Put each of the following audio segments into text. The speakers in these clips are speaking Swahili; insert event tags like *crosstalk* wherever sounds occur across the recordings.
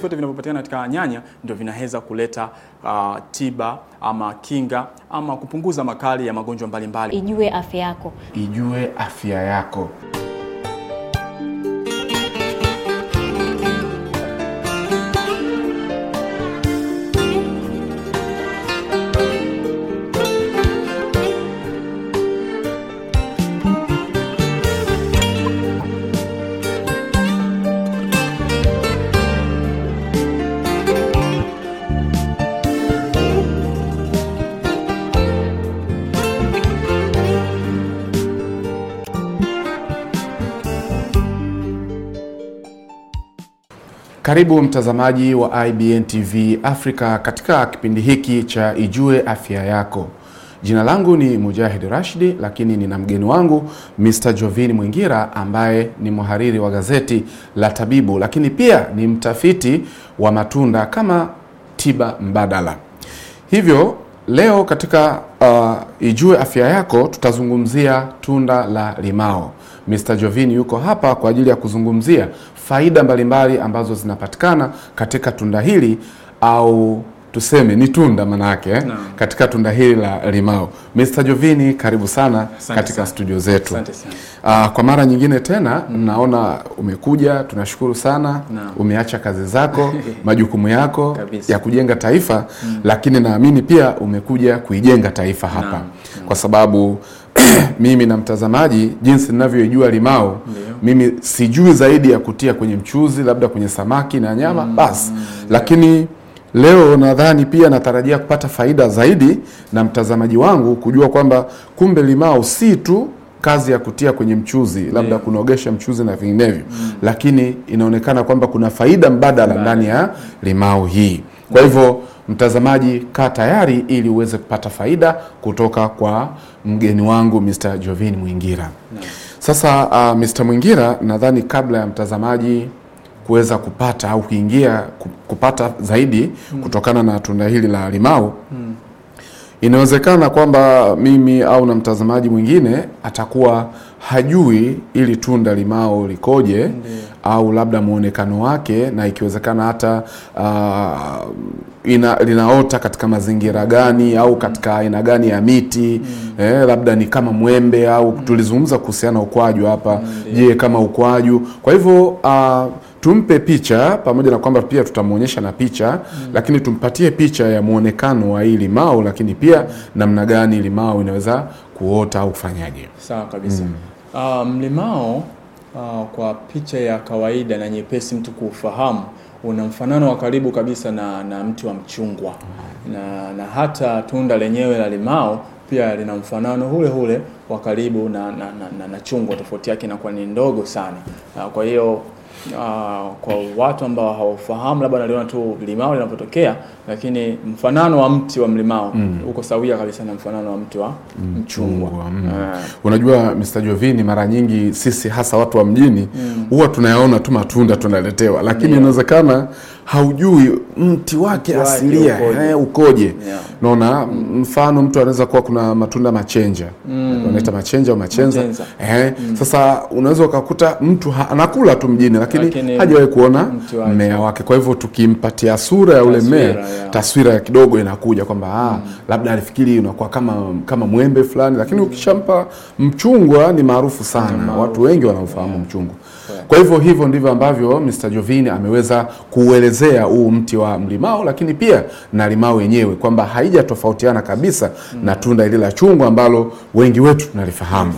vyote vinavyopatikana katika nyanya ndio vinaweza kuleta uh, tiba ama kinga ama kupunguza makali ya magonjwa mbalimbali. Ijue afya yako, ijue afya yako. Karibu mtazamaji wa IBN TV Africa katika kipindi hiki cha Ijue Afya Yako. Jina langu ni Mujahid Rashidi, lakini nina mgeni wangu Mr. Jovin Mwingira ambaye ni mhariri wa gazeti la Tabibu, lakini pia ni mtafiti wa matunda kama tiba mbadala. Hivyo leo katika uh, Ijue Afya Yako tutazungumzia tunda la limao. Mr. Jovin yuko hapa kwa ajili ya kuzungumzia faida mbalimbali mbali ambazo zinapatikana katika tunda hili au tuseme ni tunda manake eh, no. katika tunda hili la limao. Mr. Jovini, karibu sana Sante katika sana. studio zetu Sante sana. Aa, ah, kwa mara nyingine tena mm. naona umekuja, tunashukuru sana no. umeacha kazi zako *laughs* majukumu yako Kabisa. ya kujenga taifa mm. lakini naamini pia umekuja kuijenga taifa hapa no. No. kwa sababu *coughs* mimi na mtazamaji, jinsi ninavyoijua limao yeah. Mimi sijui zaidi ya kutia kwenye mchuzi, labda kwenye samaki na nyama mm. Basi lakini leo nadhani pia natarajia kupata faida zaidi na mtazamaji wangu kujua kwamba kumbe limao si tu kazi ya kutia kwenye mchuzi labda yeah. kunaogesha mchuzi na vinginevyo mm. Lakini inaonekana kwamba kuna faida mbadala ndani ya limao hii. Kwa hivyo mtazamaji, kaa tayari ili uweze kupata faida kutoka kwa mgeni wangu Mr. Jovin Mwingira. Sasa uh, ah, Mr. Mwingira, nadhani kabla ya mtazamaji kuweza kupata au kuingia kupata zaidi hmm. kutokana na tunda hili la limau hmm. inawezekana kwamba mimi au na mtazamaji mwingine atakuwa hajui ili tunda limao likoje. Ndiyo au labda mwonekano wake, na ikiwezekana hata uh, ina, linaota katika mazingira gani au katika aina gani ya miti mm. Eh, labda ni kama mwembe au mm. Tulizungumza kuhusiana na ukwaju hapa mm. Je, kama ukwaju, kwa hivyo uh, tumpe picha pamoja na kwamba pia tutamwonyesha na picha mm. Lakini tumpatie picha ya mwonekano wa hii limao, lakini pia namna gani limao inaweza kuota au kufanyaje. Sawa kabisa. Mlimao mm. um, uh, kwa picha ya kawaida na nyepesi mtu kuufahamu una mfanano wa karibu kabisa na, na mti wa mchungwa na, na hata tunda lenyewe la limao pia lina mfanano hule hule wa karibu na, na, na, na, na chungwa. Tofauti yake inakuwa ni ndogo sana. Ah, kwa hiyo uh, kwa watu ambao hawafahamu labda naliona tu mlimao linapotokea, lakini mfanano wa mti wa mlimao mm. uko sawia kabisa na mfanano wa mti wa mm, mchungwa mm. uh. Unajua Mr. Jovini, mara nyingi sisi hasa watu wa mjini mm. huwa mm. tunayaona tu matunda tunaletewa, lakini inawezekana yeah haujui mti wake Waki, asilia ukoje, eh, ukoje. Yeah. Naona mm, mfano mtu anaweza kuwa kuna matunda machenja mm. machenja au machenza eh, mm. Sasa unaweza ukakuta mtu ha, anakula tu mjini lakini, lakini hajawahi kuona mmea wake. Kwa hivyo tukimpatia sura ya ule mmea taswira kidogo inakuja kwamba ah, mm. labda alifikiri unakuwa kama, kama mwembe fulani, lakini mm. ukishampa mchungwa ni maarufu sana, maarufu. Watu wengi wanaofahamu yeah. mchungwa kwa hivyo hivyo ndivyo ambavyo Mr. Jovini ameweza kuuelezea huu mti wa mlimao, lakini pia na limao yenyewe kwamba haijatofautiana kabisa mm. na tunda ile la chungwa ambalo wengi wetu tunalifahamu.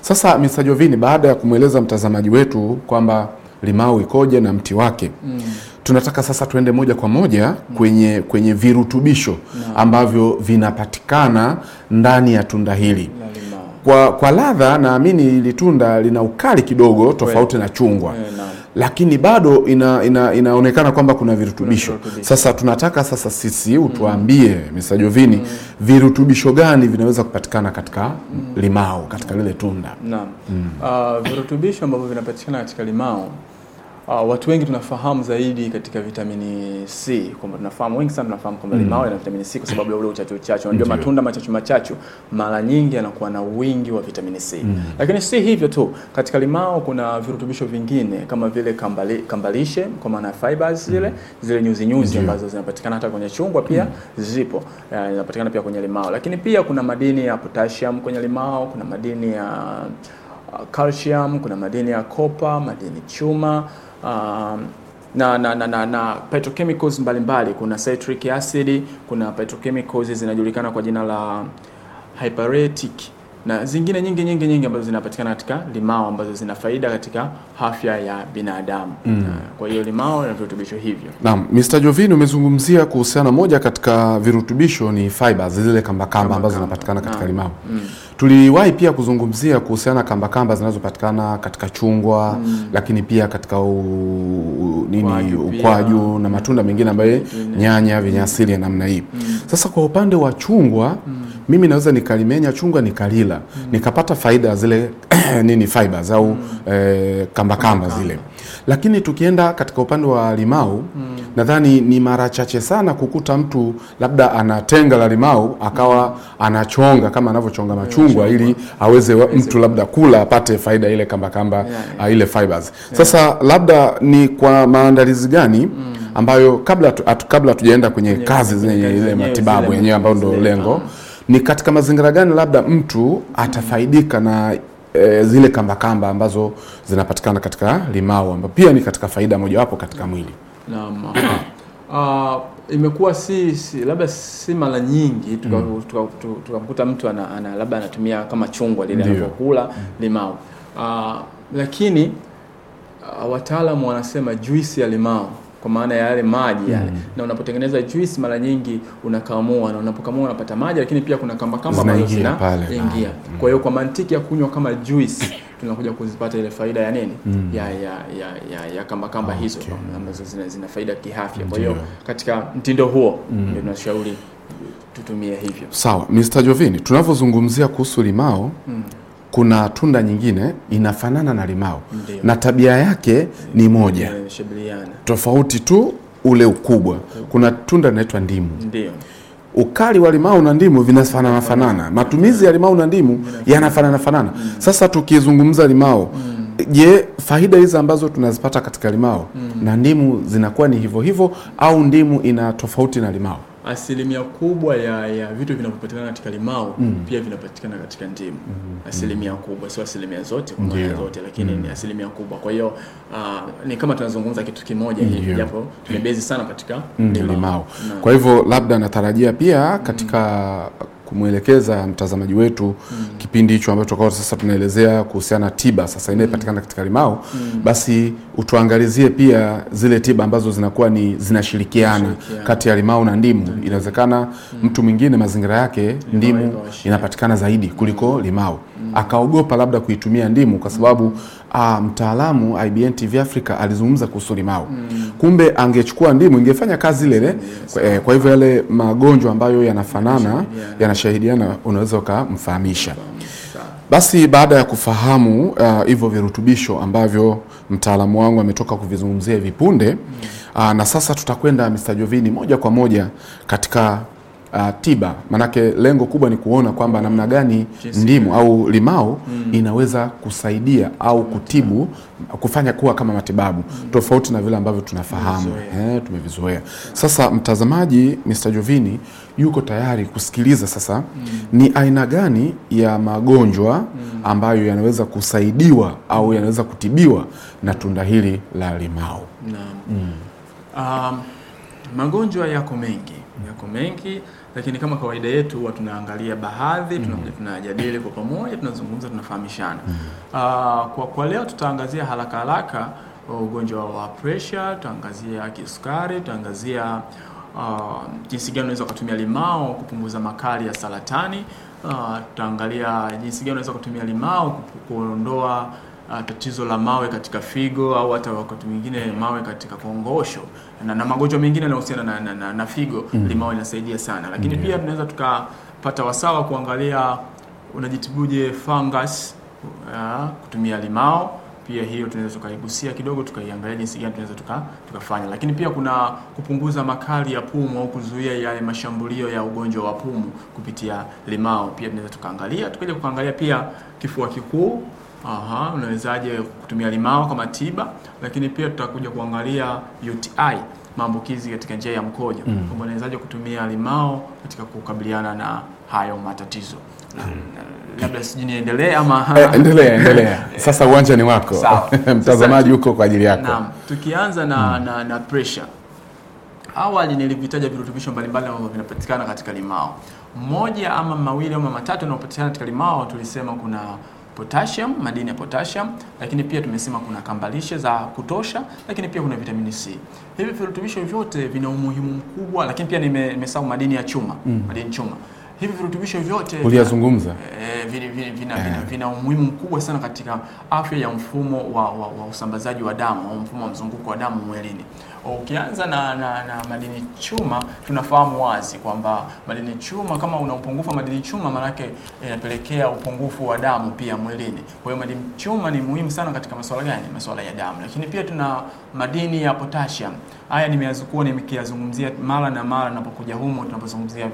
Sasa Mr. Jovini, baada ya kumweleza mtazamaji wetu kwamba limao ikoje na mti wake mm. tunataka sasa tuende moja kwa moja kwenye, kwenye virutubisho hmm. ambavyo vinapatikana ndani ya tunda hili Lali kwa, kwa ladha naamini tunda lina ukali kidogo tofauti na chungwa yeah, Lakini bado ina, ina, inaonekana kwamba kuna virutubisho. Sasa tunataka sasa sisi mm. utuambie mm. Mr. Jovini mm. virutubisho gani vinaweza kupatikana katika mm. limao katika lile tunda mm. Uh, virutubisho ambavyo vinapatikana katika limao Uh, watu wengi tunafahamu zaidi katika vitamini C kwamba tunafahamu wengi sana tunafahamu kwamba limao mm. ina vitamini C kwa sababu ya ule uchachu uchachu. Unajua matunda machachu machachu mara nyingi yanakuwa na wingi wa vitamini C. Mm. Lakini si hivyo tu, katika limao kuna virutubisho vingine kama vile kambali, kambalishe kwa maana fibers mm. zile zile nyuzi nyuzi ambazo zinapatikana hata kwenye chungwa pia mm. zipo. Uh, zinapatikana pia kwenye limao. Lakini pia kuna madini ya potassium kwenye limao, kuna madini ya uh, calcium, kuna madini ya copper, madini chuma um, na, na, na, na, na petrochemicals mbalimbali mbali. Kuna citric acid, kuna petrochemicals zinajulikana kwa jina la hyperetic na zingine nyingi nyingi nyingi ambazo zinapatikana katika limao ambazo zina faida katika afya ya binadamu mm. Kwa hiyo limao na virutubisho hivyo. Naam, Mr. Jovin umezungumzia kuhusiana, moja katika virutubisho ni fibers zile kambakamba kamba ambazo zinapatikana katika limao mm. Tuliwahi pia kuzungumzia kuhusiana kambakamba zinazopatikana katika chungwa mm. lakini pia katika u, nini ukwaju na matunda mengine ambayo nyanya vyenye asili ya namna hii mm. Sasa kwa upande wa chungwa mm. mimi naweza nikalimenya chungwa nikalila mm. nikapata faida zile *clears throat* nini fibers au mm. eh, kambakamba kamba kamba. zile lakini tukienda katika upande wa limau mm. nadhani ni mara chache sana kukuta mtu labda anatenga la limau akawa hmm. anachonga kama anavyochonga hmm. machungwa ili aweze mtu labda kula apate faida ile kamba kamba, yeah, yeah. Uh, ile fibers. Sasa labda ni kwa maandalizi gani mm ambayo kabla atu, kabla tujaenda kwenye yeah, kazi zenye yeah, ile matibabu yenyewe ambayo ndio lengo, ni katika mazingira gani labda mtu hmm. atafaidika na e, zile kambakamba kamba ambazo zinapatikana katika limao ambapo pia ni katika faida mojawapo katika mwili. Naam. Uh, *clears throat* imekuwa si, si labda si mara nyingi tukamkuta mm. tuka, tuka mtu ana, ana labda anatumia kama chungwa lile anapokula mm. limau limao uh, lakini uh, wataalamu wanasema juisi ya limao kwa maana ya yale maji yale mm. na unapotengeneza juice mara nyingi unakamua na unapokamua unapata maji lakini pia kuna kamba kamba ambazo zinaingia ah. mm. kwa hiyo kwa mantiki ya kunywa kama juice *coughs* tunakuja kuzipata ile faida ya nini mm. ya, ya, ya, ya, ya kamba kamba ah, okay. hizo ambazo zina, zina faida kiafya kwa hiyo katika mtindo huo mm. ndio tunashauri tutumie hivyo sawa Mr. Jovini tunavyozungumzia kuhusu limao mm kuna tunda nyingine inafanana na limao Ndiyo. na tabia yake ni moja tofauti tu ule ukubwa. Kuna tunda linaitwa ndimu Ndiyo. Ukali wa limau na ndimu vinafanana fanana, matumizi ya limao na ndimu yanafanana fanana. Mm. Sasa tukizungumza limao, mm. je, faida hizi ambazo tunazipata katika limao mm. na ndimu zinakuwa ni hivyo hivyo au ndimu ina tofauti na limao? asilimia kubwa ya, ya vitu vinavyopatikana katika limau mm. pia vinapatikana katika ndimu mm. asilimia mm-hmm. kubwa, sio asilimia zote kwa zote, lakini mm. ni asilimia kubwa. Kwa hiyo uh, ni kama tunazungumza kitu kimoja hivi, japo tumebezi sana katika mm. limao. Kwa hivyo labda natarajia pia katika mm kumwelekeza mtazamaji wetu mm. kipindi hicho ambacho kwa sasa tunaelezea kuhusiana na tiba sasa inayopatikana mm. katika limao mm. basi utuangalizie pia zile tiba ambazo zinakuwa ni zinashirikiana kati ya limao na ndimu mm. inawezekana mm. mtu mwingine mazingira yake ndimu inapatikana zaidi kuliko limao mm. akaogopa labda kuitumia ndimu kwa sababu mm uh, mtaalamu IBN TV Africa alizungumza kuhusu limao mm. Kumbe angechukua ndimu ingefanya kazi ile ile yes. Kwa, eh, kwa hivyo yale magonjwa ambayo yanafanana yanashahidiana unaweza ukamfahamisha. Basi baada ya kufahamu ah, hivyo uh, virutubisho ambavyo mtaalamu wangu ametoka kuvizungumzia hivi punde mm. uh, na sasa tutakwenda Mr. Jovini moja kwa moja katika uh, tiba manake lengo kubwa ni kuona kwamba namna gani ndimu au limau mm. inaweza kusaidia au kutibu kufanya kuwa kama matibabu mm. tofauti na vile ambavyo tunafahamu eh, tumevizoea. Sasa mtazamaji, Mr. Jovini yuko tayari kusikiliza sasa mm. ni aina gani ya magonjwa hmm. ambayo yanaweza kusaidiwa au hmm. yanaweza kutibiwa na tunda hili la limao Naam. Mm. Um, magonjwa yako mengi, yako mengi lakini kama kawaida yetu huwa tunaangalia baadhi, tunakuja mm-hmm. tunajadili kwa pamoja, tunazungumza, tunafahamishana. Uh, kwa, kwa leo tutaangazia haraka haraka uh, ugonjwa wa pressure, tutaangazia kisukari, tutaangazia uh, jinsi gani unaweza kutumia limao kupunguza makali ya saratani. Uh, tutaangalia jinsi gani unaweza kutumia limao kuondoa uh, tatizo la mawe katika figo au hata wakati mwingine mawe katika kongosho na, na magonjwa mengine yanayohusiana na, na, na, na figo mm. limao linasaidia sana lakini yeah. pia tunaweza tukapata wasawa kuangalia unajitibuje fungus uh, kutumia limao pia hiyo tunaweza tukaigusia kidogo tukaiangalia jinsi gani tunaweza tuka, tukafanya lakini pia kuna kupunguza makali ya pumu au kuzuia yale mashambulio ya ugonjwa wa pumu kupitia limao pia tunaweza tukaangalia tukaja kuangalia pia kifua kikuu Aha, unawezaje kutumia limao kama tiba, lakini pia tutakuja kuangalia UTI maambukizi katika njia ya mkojo mm. kwamba unawezaje kutumia limao katika kukabiliana na hayo matatizo mm. labda sijui niendelee ama *laughs* eh, endelea endelea. *laughs* Sasa uwanja ni wako *laughs* mtazamaji huko kwa ajili yako. Naam, tukianza na, mm. na, na pressure. Awali nilivitaja virutubisho mbalimbali ambavyo vinapatikana katika limao, mmoja ama mawili ama matatu yanayopatikana katika limao, tulisema kuna potassium, madini ya potassium, lakini pia tumesema kuna kambalishe za kutosha, lakini pia kuna vitamini C. Hivi virutubisho vyote vina umuhimu mkubwa, lakini pia nimesahau madini ya chuma mm. madini chuma hivi virutubisho vyote uliyazungumza e, vina, vina, vina, eh. vina umuhimu mkubwa sana katika afya ya mfumo wa, wa, wa usambazaji wa damu au mfumo wa mzunguko wa damu mwilini. Ukianza na, na, na madini chuma tunafahamu wazi kwamba madini chuma, kama una upungufu wa madini chuma, maanake inapelekea e, upungufu wa damu pia mwilini. Kwa hiyo madini chuma ni muhimu sana katika masuala gani? Masuala ya damu, lakini pia tuna madini ya potassium haya nimeyakuwa nimekiyazungumzia mara na mara napokuja humo tunapozungumzia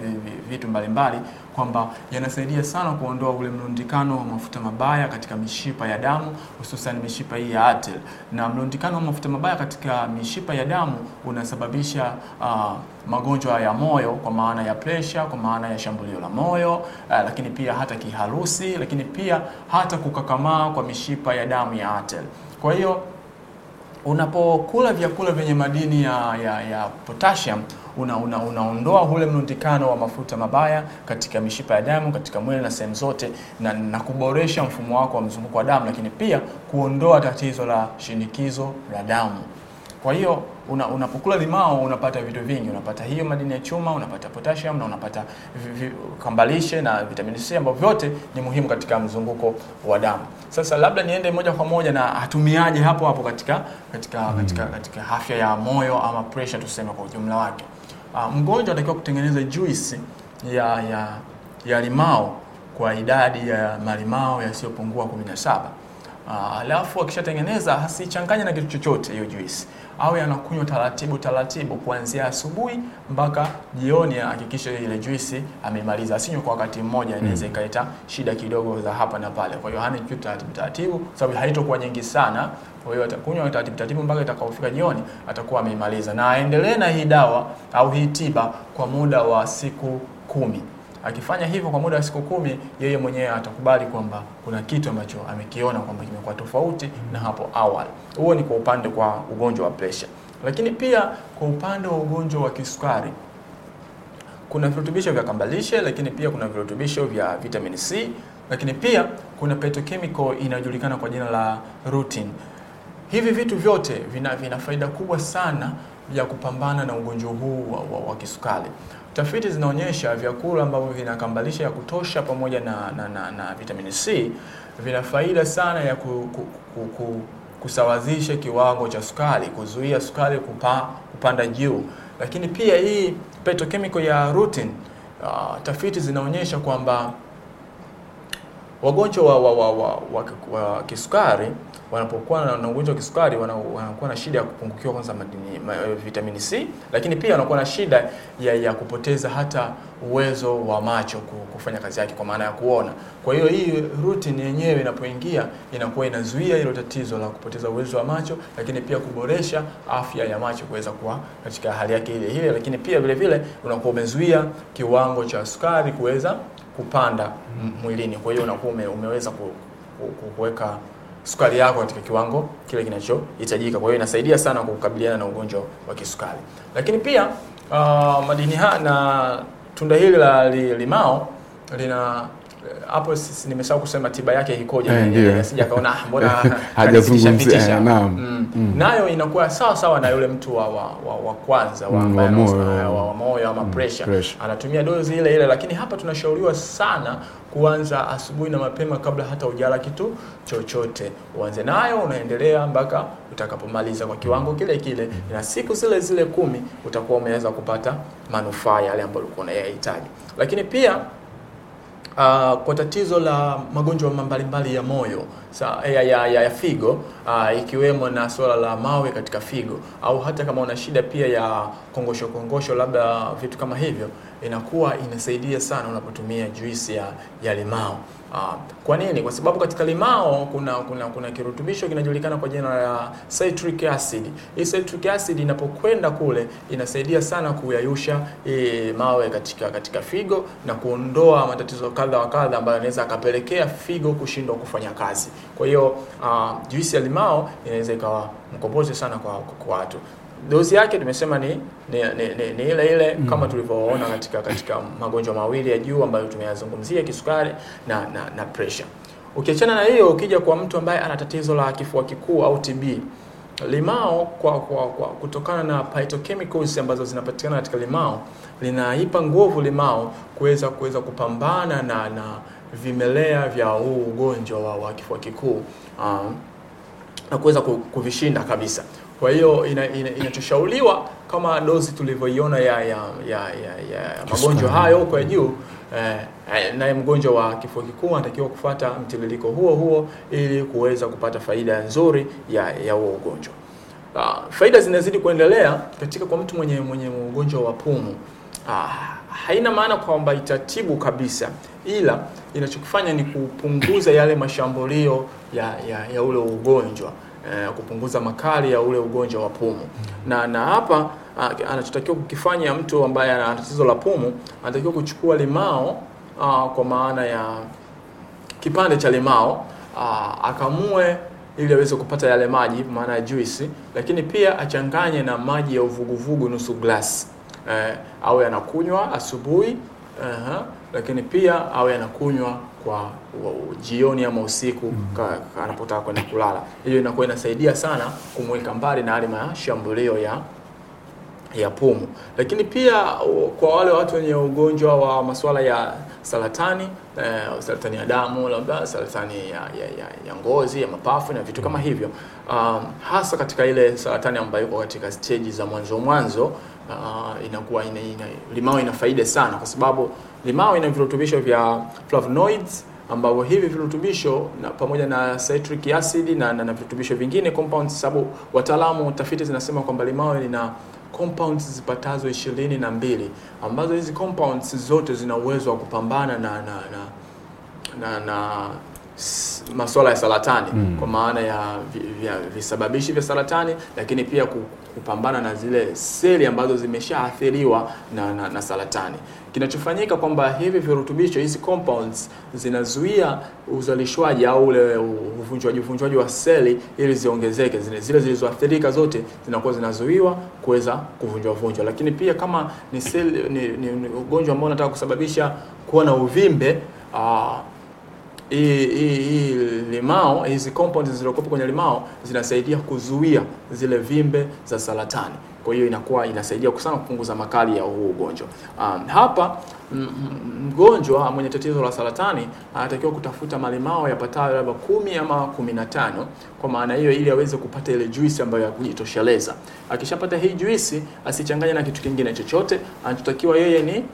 vitu mbalimbali, kwamba yanasaidia sana kuondoa ule mlundikano wa mafuta mabaya katika mishipa ya damu, hususan mishipa hii ya atel. Na mlundikano wa mafuta mabaya katika mishipa ya damu unasababisha uh, magonjwa ya moyo kwa maana ya presha, kwa maana ya shambulio la moyo uh, lakini pia hata kiharusi, lakini pia hata kukakamaa kwa mishipa ya damu ya atel. Kwa hiyo unapokula vyakula vyenye madini ya, ya, ya potassium unaondoa una, una ule mlundikano wa mafuta mabaya katika mishipa ya damu katika mwili na sehemu zote, na, na kuboresha mfumo wako wa mzunguko wa damu, lakini pia kuondoa tatizo la shinikizo la damu. Kwa hiyo una, unapokula limao unapata vitu vingi, unapata hiyo madini ya chuma, unapata potassium na unapata kambalishe na vitamini C ambavyo vyote ni muhimu katika mzunguko wa damu. Sasa labda niende moja kwa moja na atumiaje hapo hapo katika katika, mm. katika katika afya ya moyo ama pressure tuseme kwa ujumla wake. Uh, mgonjwa anatakiwa kutengeneza juisi ya ya ya limao kwa idadi ya malimao yasiyopungua 17. Ah, alafu akishatengeneza asichanganye na kitu chochote hiyo juisi awe anakunywa taratibu taratibu, kuanzia asubuhi mpaka jioni, ahakikishe ile juisi amemaliza, asinywe kwa wakati mmoja, inaweza hmm. ikaleta shida kidogo za hapa na pale. Kwa hiyo hani kitu taratibu taratibu, sababu haitokuwa nyingi sana. Kwa hiyo atakunywa taratibu taratibu mpaka itakapofika jioni atakuwa ameimaliza, na aendelee na hii dawa au hii tiba kwa muda wa siku kumi. Akifanya hivyo kwa muda wa siku kumi, yeye mwenyewe atakubali kwamba kuna kitu ambacho amekiona kwamba kimekuwa tofauti na hapo awali. Huo ni kwa upande kwa ugonjwa wa presha, lakini pia kwa upande wa ugonjwa wa kisukari kuna virutubisho vya kambalishe, lakini pia kuna virutubisho vya vitamin C, lakini pia kuna petrochemical inayojulikana kwa jina la rutin. Hivi vitu vyote vina, vina faida kubwa sana ya kupambana na ugonjwa huu wa, wa, wa kisukari. Tafiti zinaonyesha vyakula ambavyo vina kambalisha ya kutosha pamoja na, na, na, na vitamini C vina faida sana ya ku, ku, ku, ku, kusawazisha kiwango cha sukari, kuzuia sukari kupa, kupanda juu. Lakini pia hii petrochemical ya rutin, uh, tafiti zinaonyesha kwamba wagonjwa wa, wa, wa, wa, wa, wa kisukari wanapokuwa na ugonjwa wa kisukari wanakuwa na shida ya kupungukiwa kwanza madini, ma, vitamini C, lakini pia wanakuwa na shida ya, ya kupoteza hata uwezo wa macho kufanya kazi yake kwa maana ya kuona. Kwa hiyo hii routine yenyewe inapoingia inakuwa inazuia hilo tatizo la kupoteza uwezo wa macho, lakini pia kuboresha afya ya macho kuweza kuwa katika hali yake ile ile, lakini pia vile vile unakuwa umezuia kiwango cha sukari kuweza kupanda mwilini. Kwa hiyo unakuwa umeweza kuweka sukari yako katika kiwango kile kinachohitajika. Kwa hiyo inasaidia sana kukabiliana na ugonjwa wa kisukari. Lakini pia uh, madini haya na tunda hili la limao lina hapo eh, sisi nimesahau kusema tiba yake ikoje, eh, yeah, yaani mbona *laughs* hajazungumzia eh, naam. Mm. Mm. Nayo inakuwa sawa sawa na yule mtu wa, wa, wa, wa kwanza wa, mm, wa moyo ama mm, pressure. Pressure anatumia dozi ile ile, lakini hapa tunashauriwa sana kuanza asubuhi na mapema kabla hata ujala kitu chochote, uanze nayo unaendelea mpaka utakapomaliza kwa kiwango mm. kile kile, mm. na siku zile zile kumi utakuwa umeweza kupata manufaa yale ambayo ulikuwa unayahitaji, lakini pia Uh, kwa tatizo la magonjwa mbalimbali ya moyo sa, eh, ya, ya, ya, ya figo uh, ikiwemo na suala la mawe katika figo au hata kama una shida pia ya kongosho kongosho, labda vitu kama hivyo, inakuwa inasaidia sana unapotumia juisi ya, ya limao. Ah, kwa nini? Kwa sababu katika limao kuna kuna kuna kirutubisho kinajulikana kwa jina la citric acid. Hii citric acid inapokwenda kule inasaidia sana kuyayusha e, mawe katika katika figo na kuondoa matatizo kadha wa kadha ambayo yanaweza akapelekea figo kushindwa kufanya kazi. Kwa hiyo ah, juisi ya limao inaweza ikawa mkombozi sana kwa watu dozi yake tumesema ni ni, ni, ni, ni ile ile mm. kama tulivyoona katika katika magonjwa mawili ya juu ambayo tumeyazungumzia kisukari na na, na pressure. Ukiachana na hiyo, ukija kwa mtu ambaye ana tatizo la kifua kikuu au TB, limao kwa, kwa, kwa kutokana na phytochemicals ambazo zinapatikana katika limao linaipa nguvu limao kuweza kuweza kupambana na na vimelea vya huu ugonjwa wa, wa kifua kikuu um, na kuweza kuvishinda kabisa. Kwa hiyo inachoshauriwa ina, ina kama dozi tulivyoiona ya, ya, ya, ya, ya magonjwa hayo huko ya juu eh, eh, naye mgonjwa wa kifua kikuu anatakiwa kufata mtiririko huo huo ili kuweza kupata faida nzuri ya, ya huo ugonjwa. Uh, faida zinazidi kuendelea katika kwa mtu mwenye mwenye ugonjwa wa pumu. Uh, haina maana kwamba itatibu kabisa, ila inachokifanya ni kupunguza yale mashambulio ya, ya, ya ule ugonjwa eh, kupunguza makali ya ule ugonjwa wa pumu na na hapa ah, anachotakiwa kukifanya mtu ambaye ana tatizo la pumu anatakiwa kuchukua limao aa, ah, kwa maana ya kipande cha limao aa, ah, akamue ili aweze kupata yale maji maana ya juisi, lakini pia achanganye na maji ya uvuguvugu nusu glasi eh, awe anakunywa asubuhi uh eh, -huh, lakini pia awe anakunywa kwa jioni ama usiku mm. anapotaka kwenda kulala. Hiyo inakuwa inasaidia sana kumweka mbali na yale mashambulio ya ya pumu. Lakini pia kwa wale watu wenye ugonjwa wa masuala ya saratani eh, saratani ya damu, labda saratani ya, ya, ya, ya ngozi ya mapafu na vitu kama mm. hivyo um, hasa katika ile saratani ambayo iko katika stage za mwanzo mwanzo, uh, inakuwa ina, ina, limao ina faida sana kwa sababu Limao ina virutubisho vya flavonoids ambavyo hivi virutubisho na pamoja na citric acid na, na, na virutubisho vingine compounds, sababu wataalamu tafiti zinasema kwamba limao lina compounds zipatazo ishirini na mbili ambazo hizi compounds zote zina uwezo wa kupambana na na na, na, na masuala ya saratani mm. kwa maana ya visababishi vya saratani, lakini pia kupambana na zile seli ambazo zimeshaathiriwa na, na, na saratani. Kinachofanyika kwamba hivi virutubisho, hizi compounds zinazuia uzalishwaji au ule uvunjwaji uvunjwaji wa seli ili ziongezeke. Zile zile zilizoathirika zote zinakuwa zinazuiwa kuweza kuvunjwa vunjwa, lakini pia kama ni seli, ni, ni, ni ugonjwa ambao unataka kusababisha kuwa na uvimbe aa, hii limao hizi compound zilizokuwepo kwenye limao zinasaidia kuzuia zile vimbe za saratani. Kwa hiyo inakuwa inasaidia sana kupunguza makali ya huu ugonjwa. Um, hapa mgonjwa mwenye tatizo la saratani anatakiwa kutafuta malimao yapatayo labda kumi ama kumi na tano kwa maana hiyo, ili aweze kupata ile juisi ambayo ya kujitosheleza. Akishapata hii juisi, asichanganye na kitu kingine chochote. Anachotakiwa yeye ni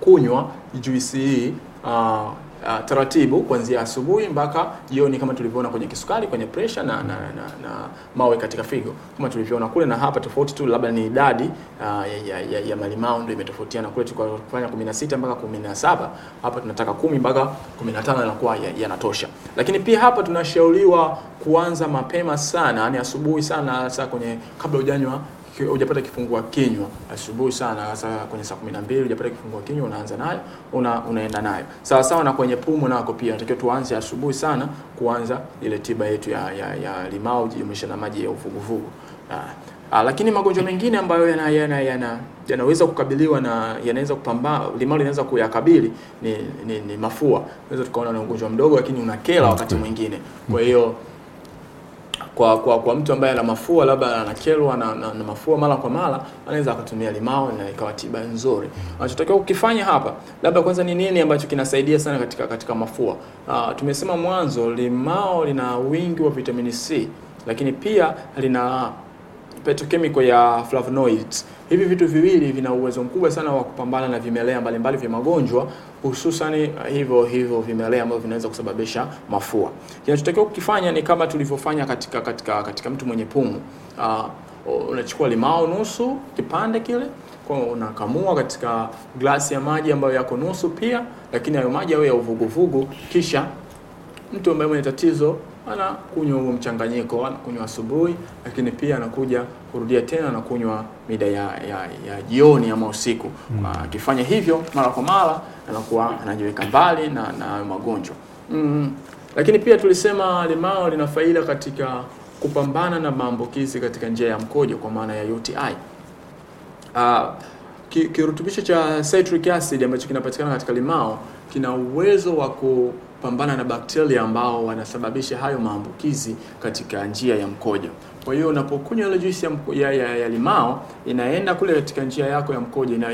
kunywa juisi hii uh, uh, taratibu kuanzia asubuhi mpaka jioni, kama tulivyoona kwenye kisukari, kwenye pressure na, na, na, na mawe katika figo kama tulivyoona kule, na hapa tofauti tu labda ni idadi uh, ya, ya, ya malimao ndio imetofautiana. Kule tulikuwa tunafanya 16 mpaka 17, hapa tunataka 10 mpaka 15 yanakuwa yanatosha ya, lakini pia hapa tunashauriwa kuanza mapema sana, yani asubuhi sana, hasa kwenye kabla hujanywa hujapata kifungua kinywa asubuhi sana, hasa kwenye saa 12 hujapata kifungua kinywa, unaanza nayo una, unaenda nayo sawa sawa. Na kwenye pumu nako pia natakiwa tuanze asubuhi sana, kuanza ile tiba yetu ya, ya, ya limau jijumuisha na maji ya uvuguvugu. Ah, ah, lakini magonjwa mengine ambayo yana yana, yana, yanaweza kukabiliwa na yanaweza kupamba limau linaweza kuyakabili ni, ni, ni mafua. Unaweza tukaona ni ugonjwa mdogo, lakini unakela wakati mm. mwingine, kwa hiyo kwa kwa kwa mtu ambaye ana mafua labda anakelwa na, na, na mafua mara kwa mara anaweza akatumia limao na ikawa tiba nzuri. Anachotakiwa kukifanya hapa labda kwanza ni nini ambacho kinasaidia sana katika katika mafua? Uh, tumesema mwanzo limao lina wingi wa vitamini C lakini pia lina petrochemical ya flavonoids. Hivi vitu viwili vina uwezo mkubwa sana wa kupambana na vimelea mbalimbali vya magonjwa hususani uh, hivyo hivyo vimelea ambavyo vinaweza kusababisha mafua. Kinachotakiwa kukifanya ni kama tulivyofanya katika katika katika mtu mwenye pumu. Uh, unachukua limao nusu kipande kile kwa unakamua katika glasi ya maji ambayo yako nusu pia, lakini hayo maji yawe ya uvuguvugu, kisha mtu ambaye mwenye tatizo anakunywa huo mchanganyiko, anakunywa asubuhi, lakini pia anakuja kurudia tena na kunywa mida ya, ya, ya jioni ama usiku. Mm. Akifanya mm. hivyo mara kwa mara anakuwa anajiweka mbali na, na magonjwa mm. Lakini pia tulisema limao lina faida katika kupambana na maambukizi katika njia ya mkojo kwa maana ya UTI. Uh, ah, kirutubisho ki cha citric acid ambacho kinapatikana katika limao kina uwezo wa ku kupambana na bakteria ambao wanasababisha hayo maambukizi katika njia ya mkojo. Kwa hiyo unapokunywa ile juisi ya, ya, ya, ya limao inaenda kule katika njia yako ya mkojo na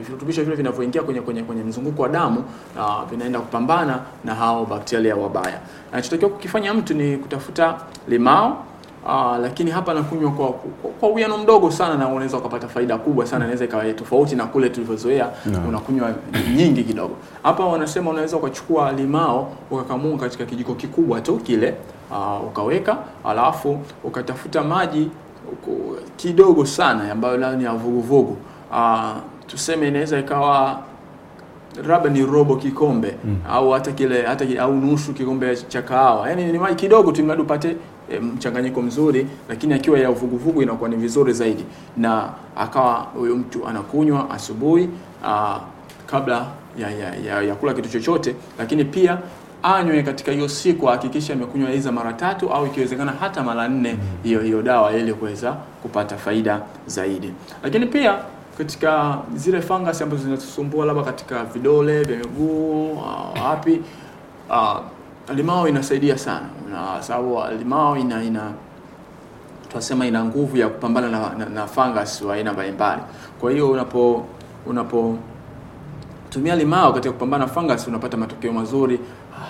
virutubisho vile vinavyoingia kwenye, kwenye, kwenye mzunguko wa damu na vinaenda kupambana na hao bakteria wabaya. Anachotakiwa kukifanya mtu ni kutafuta limao Aa, ah, lakini hapa nakunywa kwa kwa uwiano mdogo sana na unaweza ukapata faida kubwa sana, mm. inaweza ikawa tofauti na kule tulivyozoea no. Unakunywa nyingi kidogo. Hapa wanasema unaweza ukachukua limao ukakamua katika kijiko kikubwa tu kile, aa, ah, ukaweka alafu ukatafuta maji kidogo sana ambayo lao ni avuguvugu, ah, tuseme inaweza ikawa labda ni robo kikombe mm. au hata kile hata au nusu kikombe cha kahawa, yani ni maji kidogo tu, mradi upate E, mchanganyiko mzuri, lakini akiwa ya uvuguvugu inakuwa ni vizuri zaidi, na akawa huyo mtu anakunywa asubuhi kabla ya, ya, ya, ya kula kitu chochote, lakini pia anywe katika hiyo siku, ahakikishe amekunywa hizo mara tatu au ikiwezekana hata mara nne mm-hmm. hiyo hiyo dawa ili kuweza kupata faida zaidi. Lakini pia katika zile fangasi ambazo zinatusumbua labda katika vidole vya miguu wapi, uh, limao inasaidia sana na sababu limao ina ina tunasema ina nguvu ya kupambana na, na, na fungus wa aina mbalimbali. Kwa hiyo unapo unapotumia limao katika kupambana na fungus unapata matokeo mazuri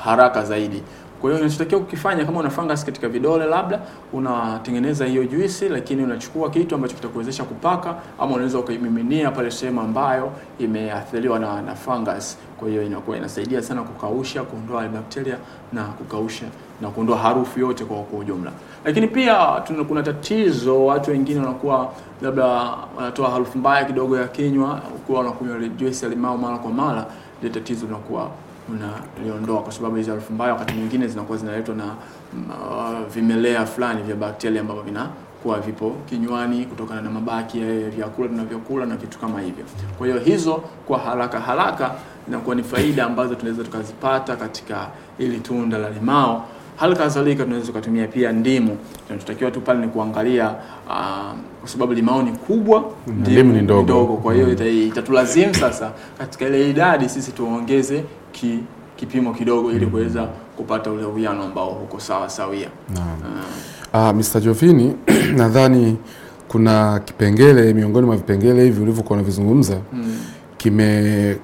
haraka zaidi. Kwa hiyo unachotakiwa kukifanya kama una fungus katika vidole, labda unatengeneza hiyo juisi, lakini unachukua kitu ambacho kitakuwezesha kupaka, ama unaweza ukaimiminia pale sehemu ambayo imeathiriwa na, na fungus. Kwa hiyo inakuwa inasaidia sana kukausha, kuondoa bakteria na kukausha na kuondoa harufu yote kwa kwa ujumla. Lakini pia tuna, kuna tatizo watu wengine wanakuwa labda wanatoa harufu mbaya kidogo ya kinywa, ukiwa wanakunywa juisi ya limao mara kwa mara, ile tatizo linakuwa unaliondoa, kwa sababu hizo harufu mbaya wakati mwingine zinakuwa zinaletwa na mm, uh, vimelea fulani vya bakteria ambavyo vina kuwa vipo kinywani kutokana na mabaki ya vyakula tunavyokula na vitu kama hivyo. Kwa hiyo hizo kwa haraka haraka inakuwa ni faida ambazo tunaweza tukazipata katika ili tunda la limao. Hali kadhalika tunaweza tukatumia pia ndimu. Tunatakiwa tu pale ni kuangalia uh, kwa sababu limao ni kubwa, ndimu ni ndogo. Kwa hiyo mm. itatulazimu sasa katika ile idadi sisi tuongeze ki, kipimo kidogo ili mm-hmm. kuweza kupata ule uwiano ambao uko sawa sawia. Naam. Uh, ah. ah, Mr. Jovini *clears throat* nadhani kuna kipengele miongoni mwa vipengele hivi ulivyokuwa unavizungumza mm. kime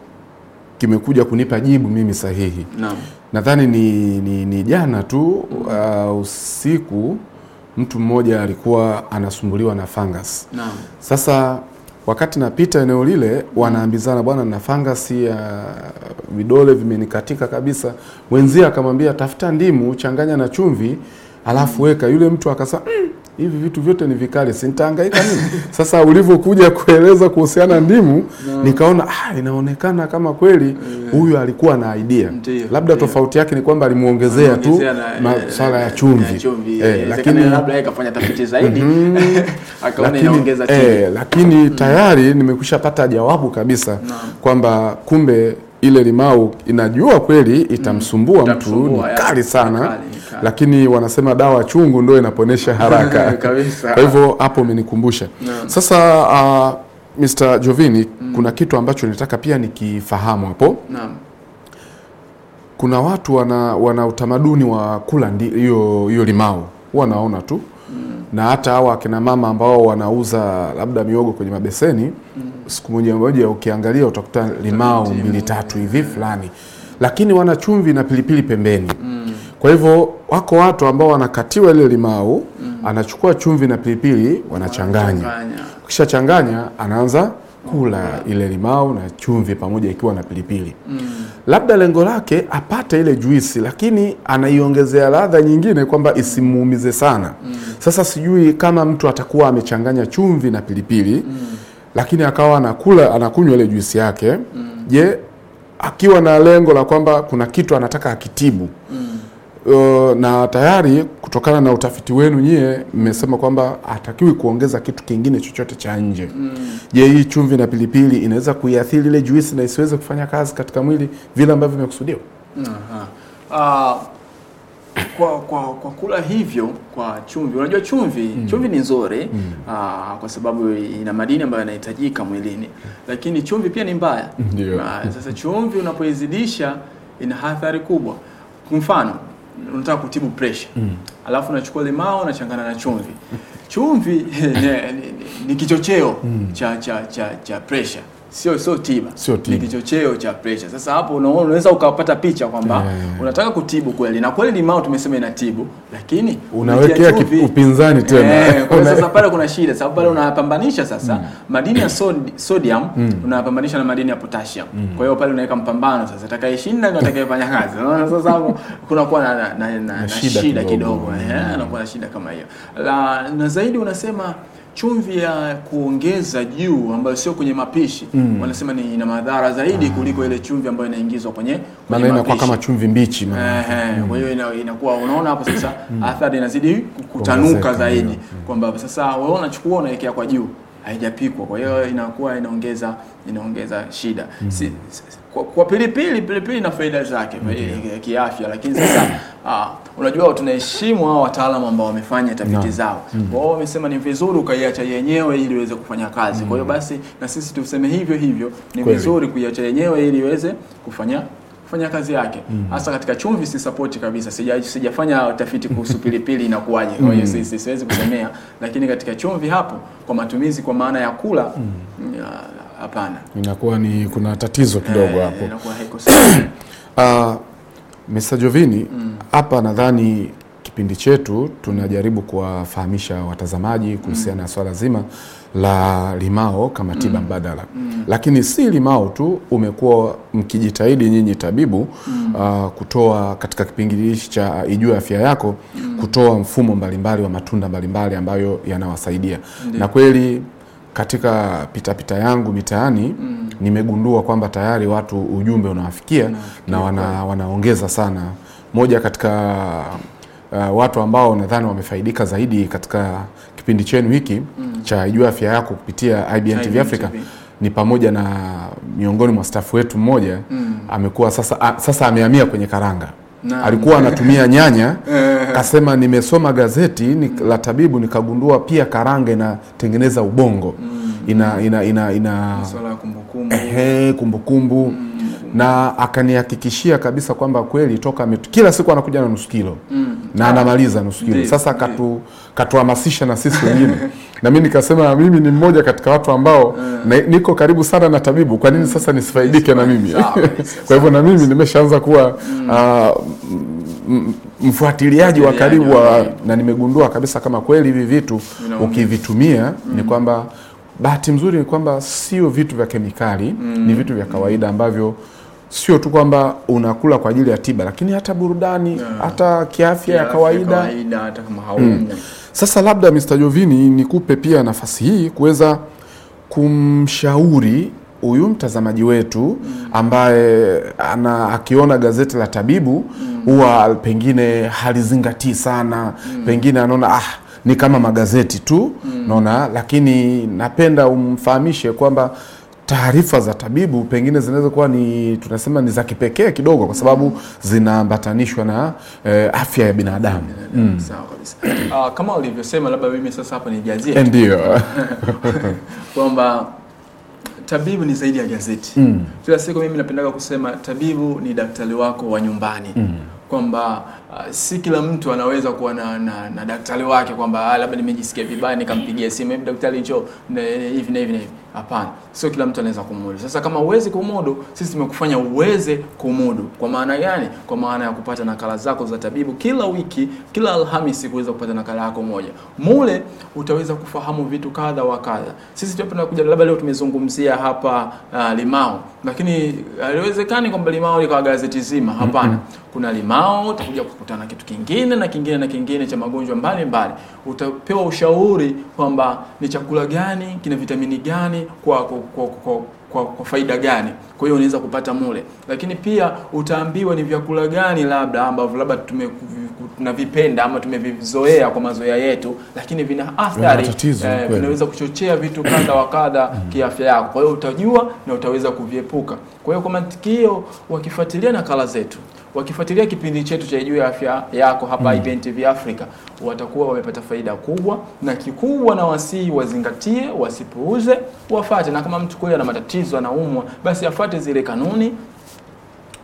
kimekuja kunipa jibu mimi sahihi. Naam. Nadhani ni, ni, ni jana tu uh, usiku mtu mmoja alikuwa anasumbuliwa na fungus. Naam. Sasa wakati napita eneo lile wanaambizana, bwana, na fangasi ya vidole vimenikatika kabisa. Wenzia akamwambia tafuta ndimu changanya na chumvi alafu weka. Yule mtu akasema mm hivi vitu vyote ni vikali, sintaangaika nini? *laughs* Sasa ulivyokuja kueleza kuhusiana ndimu no. nikaona ah, inaonekana kama kweli huyu yeah. alikuwa na idea ndiyo, labda ndiyo. tofauti yake ni kwamba alimuongezea tu masala ya chumvi eh, lakini labda kafanya tafiti zaidi mhm. *laughs* eh, lakini mm. tayari jawabu kabisa no. kwamba kumbe ile limau inajua kweli itamsumbua mtu, ni kali sana lakini wanasema dawa chungu ndio inaponesha haraka *laughs* Kwa hivyo hapo umenikumbusha sasa. Uh, ah, Mr. Jovini mm. kuna kitu ambacho nitaka pia nikifahamu hapo. Naam. Kuna watu wana, wana utamaduni wa kula hiyo hiyo limao wanaona tu mm. na hata hawa akina mama ambao wanauza labda miogo kwenye mabeseni mm. siku moja moja ukiangalia utakuta limao mbili tatu hivi fulani, lakini wana chumvi na pilipili pembeni. Kwa hivyo wako watu ambao wanakatiwa ile limau mm. anachukua chumvi na pilipili wanachanganya, kisha changanya anaanza kula ile limau na chumvi pamoja ikiwa na pilipili mm. labda lengo lake apate ile juisi, lakini anaiongezea ladha nyingine kwamba isimuumize sana mm. Sasa sijui kama mtu atakuwa amechanganya chumvi na pilipili mm. lakini akawa anakula anakunywa ile juisi yake mm. Je, akiwa na lengo la kwamba kuna kitu anataka akitibu mm Uh, na tayari kutokana na utafiti wenu nyie mmesema kwamba hatakiwi kuongeza kitu kingine chochote cha nje. Mm. Je, mm. hii chumvi na pilipili inaweza kuiathiri ile juisi na isiweze kufanya kazi katika mwili vile ambavyo vimekusudiwa? Uh ah, -huh. uh, kwa, kwa, kwa kula hivyo kwa chumvi, unajua chumvi mm. chumvi ni nzuri mm. uh, kwa sababu ina madini ambayo yanahitajika mwilini, lakini chumvi pia ni mbaya. Ah, sasa chumvi unapoizidisha ina athari kubwa, kwa mfano unataka kutibu pressure mm. alafu nachukua limao nachangana na chumvi chumvi *laughs* ni, ni, ni, ni kichocheo mm. cha, cha, cha, cha pressure sio sio tiba, sio tiba, ni kichocheo cha pressure. Sasa hapo unaona, unaweza ukapata picha kwamba yeah, unataka kutibu kweli, na kweli limao tumesema inatibu, lakini unawekea upinzani tena eh, kwa *laughs* sasa pale kuna shida, sababu pale unapambanisha sasa mm. madini ya sod sodium mm. unapambanisha na madini ya potassium mm. kwa hiyo pale unaweka mpambano sasa, atakayeshinda ndio atakayefanya kazi. Unaona sasa hapo kuna kuwa na, na, na, na, na shida, shida kidogo, Eh, yeah, mm. anakuwa na shida kama hiyo la, na zaidi unasema chumvi ya kuongeza juu ambayo sio kwenye mapishi mm. wanasema ni ina madhara zaidi ah. kuliko ile chumvi ambayo inaingizwa kwenye, kwenye inakuwa kama chumvi mbichi mm. kwa hiyo ina, inakuwa unaona hapo sasa mm. athari inazidi kutanuka zaidi kwamba sasa wewe unachukua unawekea kwa juu haijapikwa, kwa hiyo inakuwa inaongeza inaongeza shida mm. si, kwa, kwa pilipili pilipili na faida zake okay. Eh, eh, kiafya, lakini sasa *coughs* ah, unajua tunaheshimu hao wataalamu ambao wamefanya tafiti no. zao mm. kwa hiyo wamesema ni vizuri ukaiacha yenyewe ili iweze kufanya kazi mm. kwa hiyo mm. basi na sisi tuseme hivyo hivyo, ni vizuri kuiacha yenyewe ili iweze kufanya kufanya kazi yake mm. hasa mm. katika chumvi sisapoti kabisa sija, sijafanya utafiti kuhusu *laughs* pilipili inakuwaje mm. kwa siwezi si, si, kusemea lakini katika chumvi hapo kwa matumizi kwa maana ya kula mm. Mm, hapana mm. inakuwa ni kuna tatizo kidogo eh, hapo eh, inakuwa haiko sawa uh, *coughs* ah, Mr. Jovini hapa mm. nadhani kipindi chetu tunajaribu kuwafahamisha watazamaji kuhusiana na swala zima la limao kama tiba mm. mbadala mm. Lakini si limao tu, umekuwa mkijitahidi nyinyi tabibu mm. uh, kutoa katika kipindi hichi cha Ijue Afya Yako mm. kutoa mfumo mbalimbali wa matunda mbalimbali ambayo yanawasaidia na kweli katika pitapita pita yangu mitaani mm. nimegundua kwamba tayari watu ujumbe unawafikia na, na wana, wanaongeza sana. Moja katika uh, watu ambao nadhani wamefaidika zaidi katika kipindi chenu hiki mm. cha Ijua Afya Yako kupitia IBN TV Africa ni pamoja na miongoni mwa staff wetu mmoja mm. amekuwa sasa, a, sasa amehamia kwenye karanga na, alikuwa anatumia *laughs* nyanya eh. kasema, nimesoma gazeti ni, mm. la tabibu nikagundua pia karanga inatengeneza ubongo mm. ina ina ina, ina, ina kumbukumbu, ehe, kumbu. Mm na akanihakikishia kabisa kwamba kweli toka metu, kila siku anakuja na nusu kilo mm. na anamaliza nusu kilo. Sasa katu, katuhamasisha na sisi wengine *laughs* na mimi nikasema mimi ni mmoja katika watu ambao mm. na, niko karibu sana na tabibu, kwa nini mm. sasa nisifaidike na mimi? *laughs* Kwa hivyo na mimi nimeshaanza kuwa uh, mfuatiliaji wa karibu wa, na nimegundua kabisa kama kweli hivi vitu ukivitumia ni kwamba bahati nzuri ni kwamba sio vitu vya kemikali, mm. ni vitu vya kawaida ambavyo sio tu kwamba unakula kwa ajili ya tiba, lakini hata burudani yeah. hata kiafya ya kawaida, kawaida hata kama hauna mm. Sasa labda Mr. Jovini nikupe pia nafasi hii kuweza kumshauri huyu mtazamaji wetu hmm. ambaye ana akiona gazeti la tabibu hmm. huwa mm. pengine halizingatii sana mm. pengine anaona ah, ni kama magazeti tu mm. naona, lakini napenda umfahamishe kwamba taarifa za tabibu pengine zinaweza kuwa ni tunasema ni za kipekee kidogo, kwa sababu zinaambatanishwa na eh, afya ya binadamu. Mm. Sawa kabisa. Uh, kama ulivyosema, labda mimi sasa hapa nijazie, eh, ndio *laughs* kwamba tabibu ni zaidi ya gazeti. Mm. Kila siku mimi napendaga kusema tabibu ni daktari wako wa nyumbani. Mm. Kwamba uh, si kila mtu anaweza kuwa na, na, na daktari wake, kwamba ah, labda nimejisikia vibaya nikampigia simu, hebu daktari, njoo hivi na hivi na hivi Hapana, sio kila mtu anaweza kumudu. Sasa kama huwezi kumudu, sisi tumekufanya uweze kumudu. Kwa maana gani? Kwa maana ya kupata nakala zako za tabibu kila wiki, kila Alhamisi kuweza kupata nakala yako moja. Mule utaweza kufahamu vitu kadha wa kadha. Sisi tunapenda kuja, labda leo tumezungumzia hapa uh, limao, lakini haiwezekani kwamba limao likawa gazeti zima. Hapana, mm-hmm. kuna limao, utakuja kukutana kitu kingine na kingine na kingine cha magonjwa mbalimbali. Utapewa ushauri kwamba ni chakula gani kina vitamini gani kwa, kwa, kwa, kwa, kwa, kwa faida gani. Kwa hiyo unaweza kupata mule, lakini pia utaambiwa ni vyakula gani labda ambavyo labda tunavipenda ama tumevizoea kwa mazoea yetu, lakini vina athari eh, vinaweza kuchochea vitu kadha wa kadha *clears throat* mm. kiafya yako. Kwa hiyo utajua na utaweza kuviepuka. Kwa hiyo kwa mantiki hiyo, wakifuatilia nakala zetu wakifuatilia kipindi chetu cha Juu ya Afya Yako hapa mm. IPN TV Africa watakuwa wamepata faida kubwa, na kikubwa na wasii wazingatie, wasipuuze, wafate. Na kama mtu kweli ana matatizo anaumwa, basi afate zile kanuni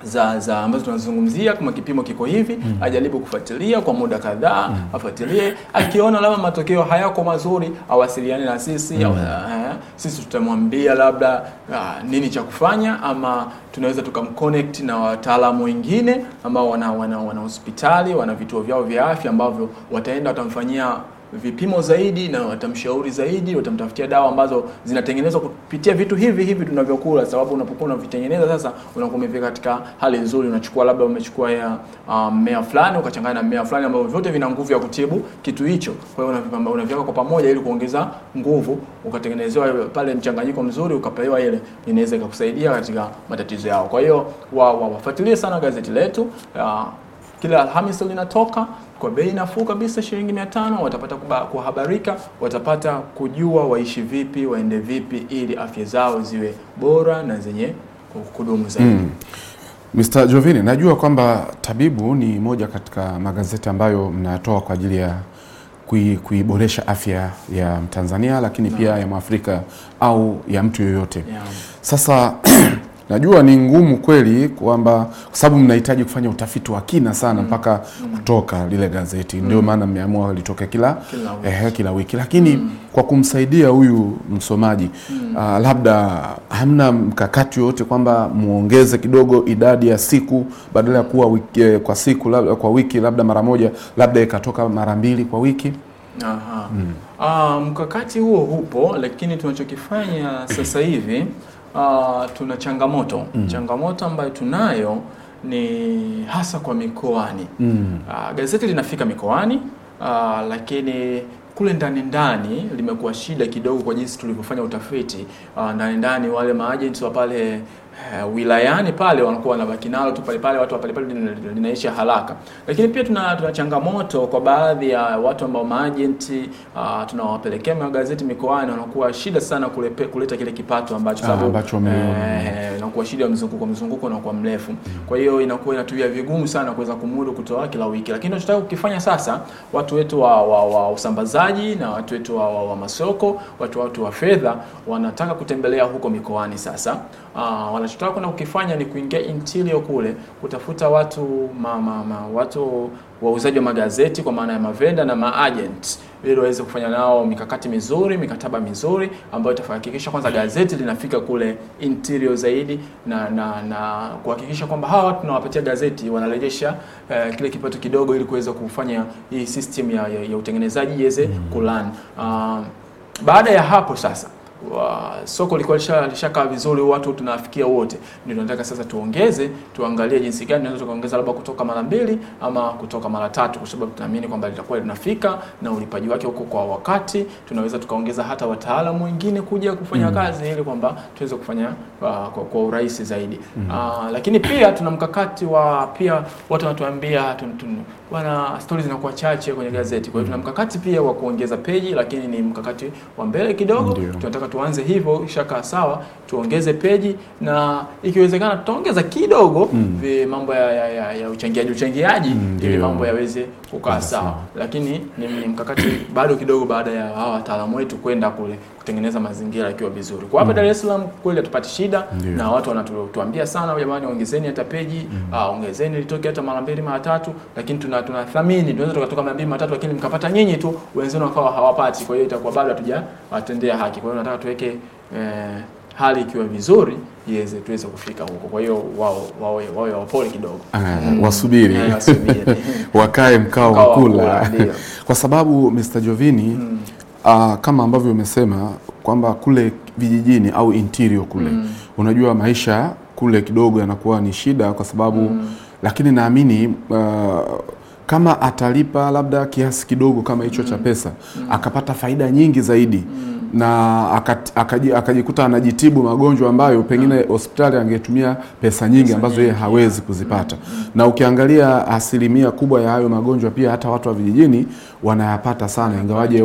za, za ambazo tunazungumzia kama kipimo kiko hivi mm. ajaribu kufuatilia kwa muda kadhaa mm. afuatilie, akiona labda matokeo hayako mazuri awasiliane na sisi mm. awa, eh, sisi tutamwambia labda a, ah, nini cha kufanya, ama tunaweza tukamconnect na wataalamu wengine ambao wana, wana, wana hospitali wana vituo vyao vya afya ambavyo wataenda watamfanyia vipimo zaidi na watamshauri zaidi, watamtafutia dawa ambazo zinatengenezwa kupitia vitu hivi hivi tunavyokula, sababu unapokuwa unavitengeneza sasa, unakuwa umefika katika hali nzuri. Unachukua labda umechukua ya ah, mmea um, fulani ukachanganya na mmea fulani ambao vyote vina nguvu ya kutibu kitu hicho. Kwa hiyo unaviweka kwa pamoja ili kuongeza nguvu, ukatengenezewa pale mchanganyiko mzuri, ukapewa ile, inaweza ikakusaidia katika matatizo yao. Kwa hiyo wa, wa, wafuatilie sana gazeti letu uh, kila Alhamisi linatoka kwa bei nafuu kabisa, shilingi mia tano, watapata kuhabarika, watapata kujua waishi vipi, waende vipi, ili afya zao ziwe bora na zenye kudumu zaidi. Mm. Mr. Jovini, najua kwamba Tabibu ni moja katika magazeti ambayo mnatoa kwa ajili ya kuiboresha afya ya Mtanzania lakini no. pia ya Mwafrika au ya mtu yoyote. Yeah. Sasa *clears throat* Najua ni ngumu kweli, kwamba kwa sababu mnahitaji kufanya utafiti wa kina sana mpaka mm. mm. kutoka lile gazeti mm. ndio maana mmeamua litoke kila kila wiki, eh, kila wiki. Lakini mm. kwa kumsaidia huyu msomaji mm. uh, labda hamna mkakati wote kwamba muongeze kidogo idadi ya siku badala ya kuwa wiki, eh, kwa siku labda, kwa wiki labda mara moja labda ikatoka mara mbili kwa wiki. Aha. Mm. Uh, mkakati huo upo, lakini tunachokifanya sasa hivi uh, tuna changamoto mm. Changamoto ambayo tunayo ni hasa kwa mikoani mm. Uh, gazeti linafika mikoani uh, lakini kule ndani ndani limekuwa shida kidogo kwa jinsi tulivyofanya utafiti uh, ndani ndani wale maagents wa pale uh, wilayani pale wanakuwa wanabaki nalo tu pale pale, watu pale pale linaisha haraka. Lakini pia tuna, tuna changamoto kwa baadhi ya watu ambao maajenti uh, ah, tunawapelekea magazeti mikoani, wanakuwa shida sana kulepe, kuleta kile kipato ambacho ah, sababu ambacho eh, eh, inakuwa shida ya mzunguko mzunguko unakuwa mrefu, mm. kwa hiyo inakuwa inatuia vigumu sana kuweza kumudu kutoa kila wiki, lakini tunachotaka kukifanya sasa, watu wetu wa, wa, wa usambazaji na watu wetu wa, wa, wa masoko, watu watu wa fedha wanataka kutembelea huko mikoani sasa Uh, wanachotaka kwenda kukifanya ni kuingia interior kule kutafuta watu ma, ma, ma, watu wauzaji wa magazeti kwa maana ya mavenda na maagent ili waweze kufanya nao mikakati mizuri, mikataba mizuri ambayo itahakikisha kwanza gazeti linafika kule interior zaidi na na, na kuhakikisha kwamba hawa watu tunawapatia gazeti wanarejesha uh, kile kipato kidogo ili kuweza kufanya hii system ya, ya, ya utengenezaji iweze mm. kulan. Uh, ah, baada ya hapo sasa wa soko lilikuwa lishakaa vizuri, watu tunafikia wote, ndio tunataka sasa tuongeze, tuangalie jinsi gani tunaweza tukaongeza labda kutoka mara mbili ama kutoka mara tatu, kwa sababu tunaamini kwamba litakuwa linafika na ulipaji wake huko kwa wakati. Tunaweza tukaongeza hata wataalamu wengine kuja kufanya mm. kazi ili kwamba tuweze kufanya uh, kwa, kwa urahisi zaidi mm. uh, lakini pia tuna mkakati wa pia watu wanatuambia bwana, stori zinakuwa chache kwenye gazeti. Kwa hiyo tuna mkakati pia wa kuongeza peji, lakini ni mkakati wa mbele kidogo. Tunataka tuanze hivyo, shaka sawa, tuongeze peji na ikiwezekana tutaongeza kidogo mm. mambo ya, ya, ya, ya uchangiaji uchangiaji ili mambo yaweze kukaa sawa, lakini ni, ni mkakati *coughs* bado kidogo, baada ya hawa wataalamu wetu kwenda kule kutengeneza mazingira yakiwa vizuri kwa hapa mm. Dar es Salaam kweli hatupati shida Ndiyo. na watu wanatuambia sana, jamani, ongezeni hata peji mm. ongezeni litoke hata mara mbili mara tatu, lakini tuna tunathamini tunaweza tukatoka mia mbili mia lakini mkapata nyinyi tu wenzenu wakawa hawapati kwa hiyo itakuwa bado watendea haki kwa hiyo nataka tuweke eh, hali ikiwa vizuri iweze tuweze kufika huko. Kwa hiyo wao wawe wawe wapole kidogo. Ah, wasubiri. Eh, *laughs* Wakae mkao wa kula. *laughs* Kwa sababu Mr. Jovini mm. Uh, kama ambavyo umesema kwamba kule vijijini au interior kule mm. Unajua maisha kule kidogo yanakuwa ni shida kwa sababu mm. Lakini naamini uh, kama atalipa labda kiasi kidogo kama hicho cha mm. pesa mm. akapata faida nyingi zaidi mm. na akajikuta akaji anajitibu magonjwa ambayo pengine hospitali angetumia pesa nyingi ambazo yeye hawezi kuzipata. Na ukiangalia asilimia kubwa ya hayo magonjwa pia hata watu wa vijijini wanayapata sana, ingawaje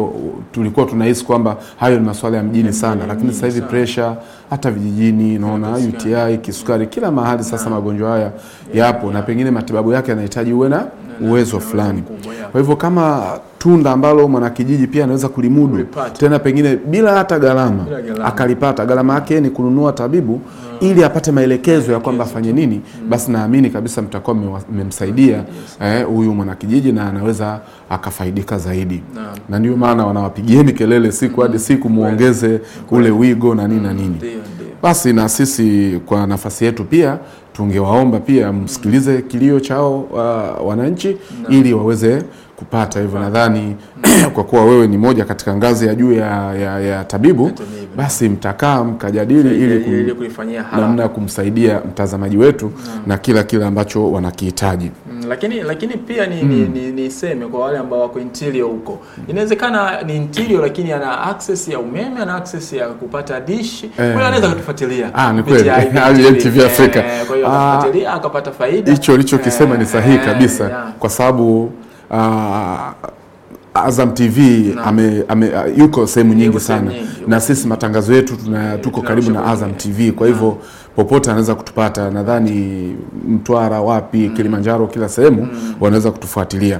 tulikuwa tunahisi kwamba hayo ni masuala ya mjini sana, lakini sasa hivi pressure hata vijijini, naona UTI, kisukari, kila mahali sasa magonjwa haya yapo, na pengine matibabu yake yanahitaji uwe na uwezo fulani. Kwa hivyo kama tunda ambalo mwanakijiji pia anaweza kulimudu tena, pengine bila hata gharama akalipata, gharama yake ni kununua tabibu Ah. ili apate maelekezo ya kwamba afanye nini, basi naamini kabisa mtakuwa mmemsaidia eh, huyu eh, mwanakijiji na anaweza akafaidika zaidi na, na ndio maana wanawapigieni kelele siku hadi mm-hmm. siku muongeze ule wigo na nini na mm-hmm. nini. Basi na sisi kwa nafasi yetu pia tungewaomba pia mm-hmm. msikilize kilio chao uh, wananchi ili waweze kupata hivyo. Nadhani *clears throat* kwa kuwa wewe ni moja katika ngazi ya juu ya, ya, ya tabibu, basi mtakaa mkajadili ili namna kumsaidia mtazamaji wetu na, hmm. na kila kile ambacho wanakihitaji. Hmm, lakini lakini pia ni, mm. ni, hmm. ni, ni seme kwa wale ambao wako interior huko, inawezekana ni interior lakini ana access ya umeme, ana access ya kupata dish eh. Kwa anaweza kutufuatilia. Ah, ni kweli *laughs* TV Africa. Eh, kwa hiyo akafuatilia ah, akapata faida. Hicho ulichokisema ni sahihi eh, kabisa, kwa sababu uh, Azam TV ame, ame, uh, yuko sehemu nyingi sana nyingi. Na sisi matangazo yetu tuna, eh, tuko karibu na Azam TV, kwa hivyo popote anaweza kutupata, nadhani mm. Mtwara wapi, mm. Kilimanjaro, kila sehemu mm. wanaweza kutufuatilia.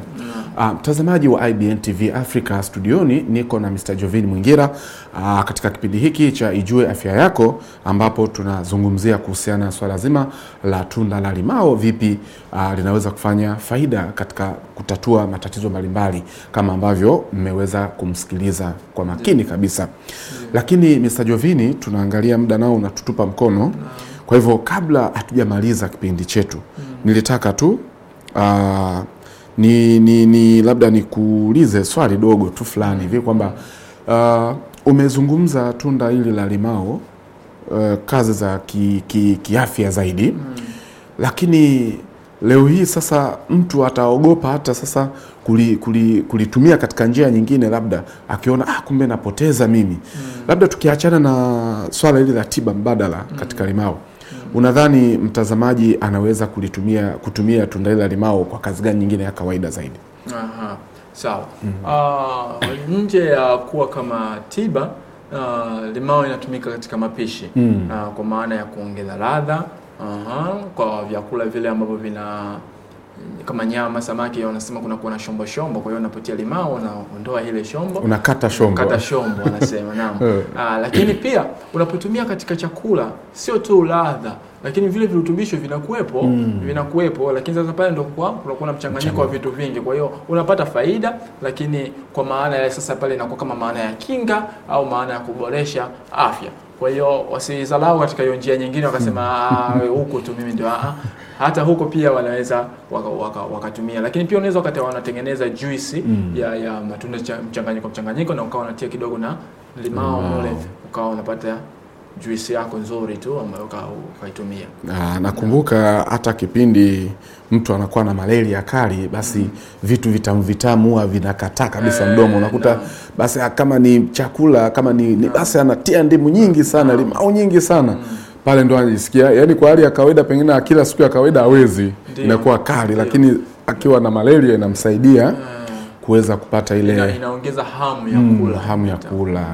Ah, mtazamaji wa IBN TV Africa studioni, niko na Mr. Jovin Mwingira uh, katika kipindi hiki cha Ijue Afya Yako, ambapo tunazungumzia kuhusiana na swala zima la tunda la limao, vipi uh, linaweza kufanya faida katika kutatua matatizo mbalimbali, kama ambavyo mmeweza kumsikiliza kwa makini kabisa. Lakini Mr. Jovin, tunaangalia muda nao unatutupa mkono, kwa hivyo kabla hatujamaliza kipindi chetu, hmm. nilitaka tu uh, ni, ni, ni labda nikuulize swali dogo tu fulani hivi kwamba uh, umezungumza tunda hili la limao uh, kazi za kiafya ki, ki zaidi mm. Lakini leo hii sasa mtu ataogopa hata sasa kulitumia kuli, kuli katika njia nyingine, labda akiona ah, kumbe napoteza mimi mm. Labda tukiachana na swala hili la tiba mbadala hmm. katika mm. limao unadhani mtazamaji anaweza kulitumia kutumia tunda hili la limao kwa kazi gani nyingine ya kawaida zaidi? Aha, sawa. mm -hmm. Uh, nje ya kuwa kama tiba uh, limao inatumika katika mapishi mm. Uh, kwa maana ya kuongeza ladha uh -huh, kwa vyakula vile ambavyo vina kama nyama samaki, wanasema kuna kuna shombo shombo. Kwa hiyo unapotia limao unaondoa ile shombo, unakata shombo, kata shombo wanasema naam. Aa, *laughs* eh. ah, lakini pia unapotumia katika chakula sio tu ladha, lakini vile virutubisho vinakuwepo mm. vinakuwepo, lakini sasa pale ndio kwa kuna na mchanganyiko wa vitu vingi. Kwa hiyo unapata faida, lakini kwa maana ya sasa pale inakuwa kama maana ya kinga au maana ya kuboresha afya. Kwa hiyo wasizalau katika hiyo njia nyingine, wakasema hmm. ah, huko tu mimi ndio ah, ah. hata huko pia wanaweza wakatumia waka, waka, lakini pia unaweza wakati wanatengeneza juisi mm. ya, ya matunda mchanganyiko mchanganyiko, na ukawa unatia kidogo na limao mule, ukawa unapata juisi yako nzuri tu ambayo ukaitumia. Na nakumbuka hata kipindi mtu anakuwa na malaria kali, basi mm. vitu vitamu vitamu huwa vinakataa kabisa eh, mdomo, unakuta basi ah, kama ni chakula kama ni, ni ah. basi anatia ndimu nyingi sana, ah. limau nyingi sana mm pale ndo anajisikia yani, kwa hali ya kawaida pengine kila siku ya kawaida hawezi, inakuwa kali Dio. Lakini akiwa na malaria inamsaidia kuweza kupata ile ina, inaongeza hamu ya mm, kula, hamu ya kula.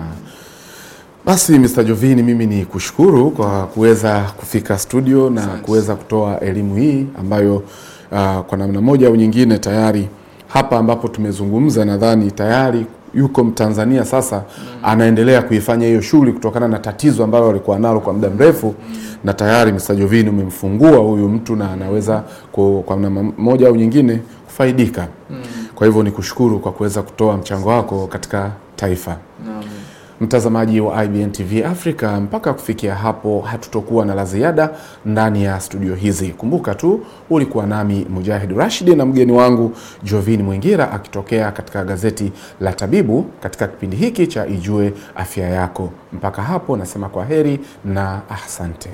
Basi Mr. Jovini, mimi ni kushukuru kwa kuweza kufika studio na kuweza kutoa elimu hii ambayo uh, kwa namna moja au nyingine tayari hapa ambapo tumezungumza, nadhani tayari yuko Mtanzania sasa mm. anaendelea kuifanya hiyo shughuli kutokana na tatizo ambalo alikuwa nalo kwa muda mrefu mm. na tayari Mr. Jovini umemfungua huyu mtu na anaweza kwa, kwa namna moja au nyingine kufaidika mm. kwa hivyo ni kushukuru kwa kuweza kutoa mchango wako katika taifa no. Mtazamaji wa IBN TV Africa, mpaka kufikia hapo hatutokuwa na la ziada ndani ya studio hizi. Kumbuka tu ulikuwa nami Mujahid Rashidi na mgeni wangu Jovin Mwingira akitokea katika gazeti la Tabibu katika kipindi hiki cha Ijue Afya Yako. Mpaka hapo nasema kwa heri na ahsante.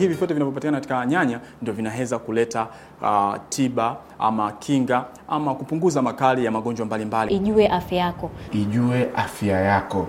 hivi vyote vinavyopatikana katika nyanya ndio vinaweza kuleta uh, tiba ama kinga ama kupunguza makali ya magonjwa mbalimbali. Ijue afya yako, ijue afya yako.